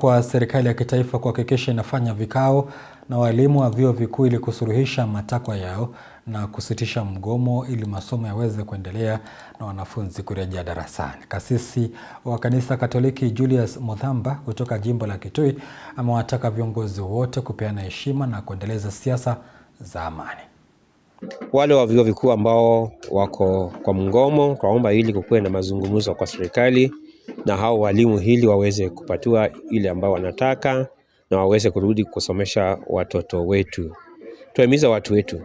kwa serikali ya kitaifa kuhakikisha inafanya vikao na walimu wa vyuo vikuu ili kusuluhisha matakwa yao na kusitisha mgomo ili masomo yaweze kuendelea na wanafunzi kurejea darasani. Kasisi wa kanisa Katoliki Julius Muthamba kutoka jimbo la Kitui amewataka viongozi wote kupeana heshima na kuendeleza siasa za amani. Wale wa vyuo vikuu ambao wako kwa mgomo, kwaomba ili kukuwe na mazungumzo kwa serikali na hao walimu hili waweze kupatiwa ile ambayo wanataka na waweze kurudi kusomesha watoto wetu. Tuhimiza watu wetu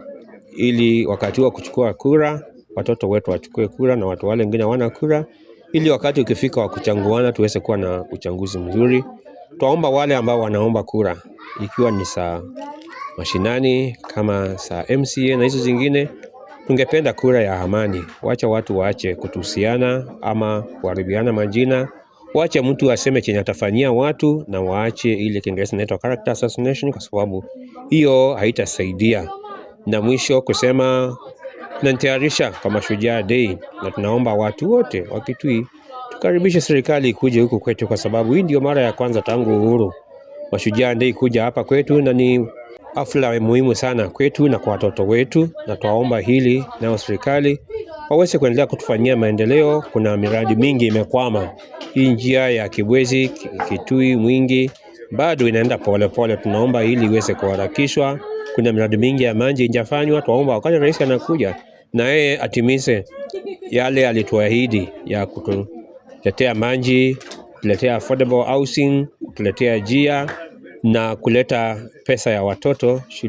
ili wakati wa kuchukua kura watoto wetu wachukue kura na watu wale wengine hawana kura, ili wakati ukifika wa kuchanguana tuweze kuwa na uchanguzi mzuri. Twaomba wale ambao wanaomba kura, ikiwa ni saa mashinani kama saa MCA na hizo zingine Tungependa kura ya amani. Wacha watu waache kutusiana ama kuharibiana majina, wacha mtu aseme chenye atafanyia watu, na waache ile Kiingereza inaitwa character assassination, kwa sababu hiyo haitasaidia. Na mwisho kusema tunatayarisha kwa Mashujaa Day, na tunaomba watu wote wakitui tukaribishe serikali ikuje huku kwetu, kwa sababu hii ndio mara ya kwanza tangu uhuru Mashujaa Day kuja hapa kwetu na ni Hafla ni muhimu sana kwetu na kwa watoto wetu, na twaomba hili nao serikali waweze kuendelea kutufanyia maendeleo. Kuna miradi mingi imekwama, hii njia ya Kibwezi Kitui Mwingi bado inaenda polepole, tunaomba hili iweze kuharakishwa. Kuna miradi mingi ya maji injafanywa, twaomba wakati rais anakuja na yeye atimize yale alituahidi ya kutuletea maji, kutuletea affordable housing, kutuletea jia na kuleta pesa ya watoto shuleni.